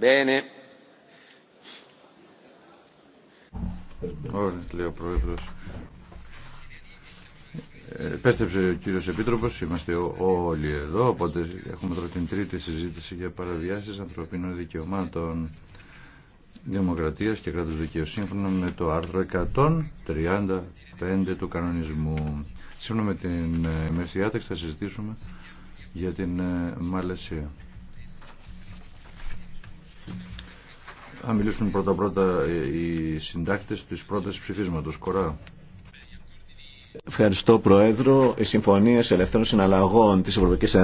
Bene. Ωραία, λέει ο ε, Πέστεψε ο κύριο Επίτροπο, είμαστε όλοι εδώ, οπότε έχουμε τώρα την τρίτη συζήτηση για παραβιάσει ανθρωπίνων δικαιωμάτων δημοκρατίας και κρατου δικαίου σύμφωνα με το άρθρο 135 του κανονισμού. Σύμφωνα με την ε, μεσιάταξη θα συζητήσουμε για την ε, Μαλαισία. Θα μιλήσουν πρώτα-πρώτα οι συντάκτες της πρώτης ψηφίσματος. Κορά. Ευχαριστώ Προέδρο. Οι συμφωνίες ελευθέρων συναλλαγών της Ευρωπαϊκής